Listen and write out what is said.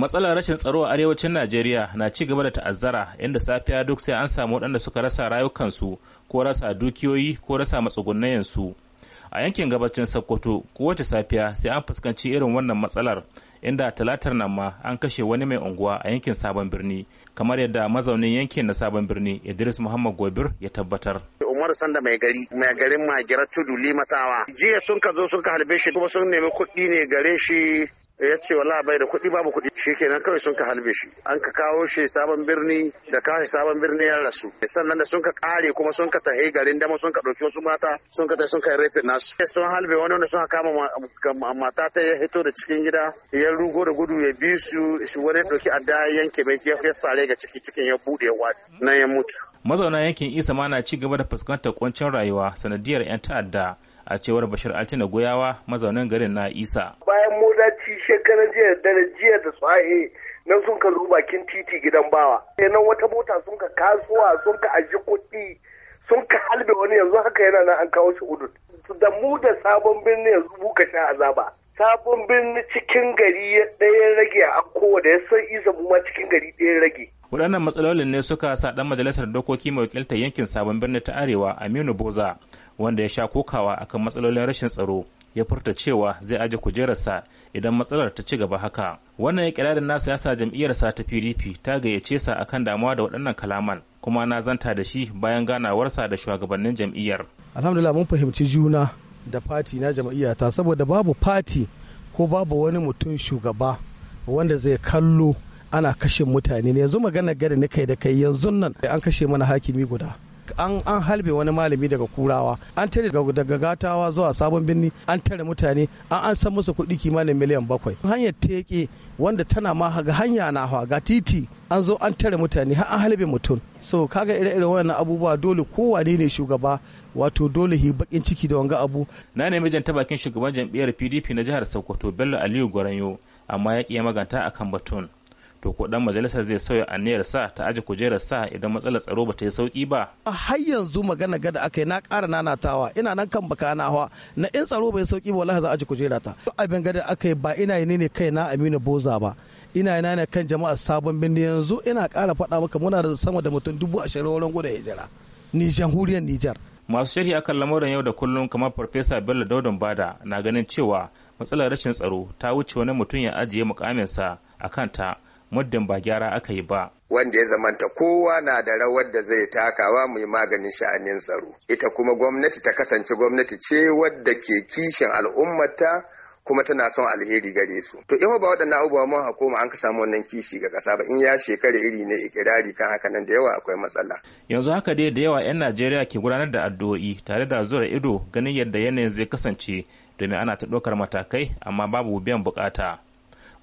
matsalar rashin tsaro a arewacin najeriya na ci gaba da ta'azzara inda safiya duk sai an samu waɗanda suka rasa rayukansu ko rasa dukiyoyi ko rasa matsugunayensu a yankin gabacin sokoto kowace safiya sai an fuskanci irin wannan matsalar inda talatar nan ma an kashe wani mai unguwa a yankin sabon birni kamar yadda mazaunin yankin na sabon birni idris muhammad gobir ya tabbatar umar sanda mai gari mai garin gira tudu limatawa jiya sun ka zo sun ka halbe shi kuma sun nemi kuɗi ne gare shi ya ce wala bai da kuɗi babu kuɗi shi kenan kawai sun ka halbe shi an ka kawo shi sabon birni da kawai sabon birni ya rasu sannan da sun ka ƙare kuma sun ka tahe garin dama sun ka ɗauki wasu mata sun ka tahi sun ka yi rafe nasu sun halbe wani wanda sun kama mata ta ya hito da cikin gida ya rugo da gudu ya bi su shi wani ɗauki adda yanke mai ya sare ga ciki cikin ya buɗe wa na ya mutu. mazauna yankin isa ma na ci gaba da fuskantar kwancin rayuwa sanadiyar 'yan ta'adda a cewar bashir altina goyawa mazaunin garin na isa. na jiya da jiya da tsaye nan sun ka zo bakin titi gidan bawa nan wata mota sun ka kasuwa sun ka aji kuɗi sun ka halbe wani yanzu haka yana nan an kawo shi udud da mu da sabon birni yanzu buka sha azaba sabon birni cikin gari ɗaya rage a kowa da ya san isa mu ma cikin gari ɗaya rage waɗannan matsalolin ne suka sa ɗan majalisar dokoki mai wakiltar yankin sabon birni ta arewa aminu boza wanda ya sha kokawa akan matsalolin rashin tsaro ya furta cewa zai aje kujerarsa idan matsalar ta ci gaba haka wannan ya na nasa ya sa jam'iyyarsa ta pdp ta gayyace sa akan damuwa da waɗannan kalaman kuma na zanta da shi bayan ganawarsa da shugabannin jam'iyyar alhamdulillah mun fahimci juna da fati na ta saboda babu fati ko babu wani mutum shugaba wanda zai kallo ana kashe mutane ne yanzu magana gada na kai da kai yanzu nan an kashe mana hakimi guda an halbe wani malami daga kurawa an tare daga gatawa zuwa sabon birni an tare mutane an an san musu kuɗi kimanin miliyan bakwai hanyar teke wanda tana ma ga hanya na hawa ga titi an zo an tare mutane har an halbe mutum so kaga ire-iren wannan abubuwa dole kowane ne shugaba wato dole hi bakin ciki da wanga abu na nemi jan tabakin shugaban jam'iyyar pdp na jihar sokoto bello aliyu gwaranyo amma ya ƙi maganta akan batun to ko dan majalisar zai sauya aniyar sa ta aji kujerar sa idan matsalar tsaro ba ta yi sauki ba har yanzu magana gada aka yi na ƙara nanatawa ina nan kan baka na hawa na in tsaro bai sauki ba wallahi za aji kujera ta abin gada aka yi ba ina yi ne kai na Aminu Boza ba ina yana ne kan jama'ar sabon birni yanzu ina ƙara faɗa maka muna da sama da mutum dubu ashirin wurin gudun hijira ni jamhuriyar Nijar masu sharhi akan lamuran yau da kullum kamar farfesa bello daudon bada na ganin cewa matsalar rashin tsaro ta wuce wani mutum ya ajiye mukaminsa a kanta muddin ba gyara aka yi ba. Wanda ya zamanta kowa na da rawar da zai takawa mu yi maganin sha'anin tsaro. Ita kuma gwamnati ta kasance gwamnati ce wadda ke kishin al'ummata kuma tana son alheri gare su to in ba waɗannan abubuwa mun hakoma an ka samu wannan kishi ga ƙasa ba in ya shekara iri ne ikirari kan haka nan da yawa akwai matsala yanzu haka dai da yawa 'yan najeriya ke gudanar da addu'o'i tare da zura ido ganin yadda yanayin zai kasance domin ana ta ɗaukar matakai amma babu biyan buƙata.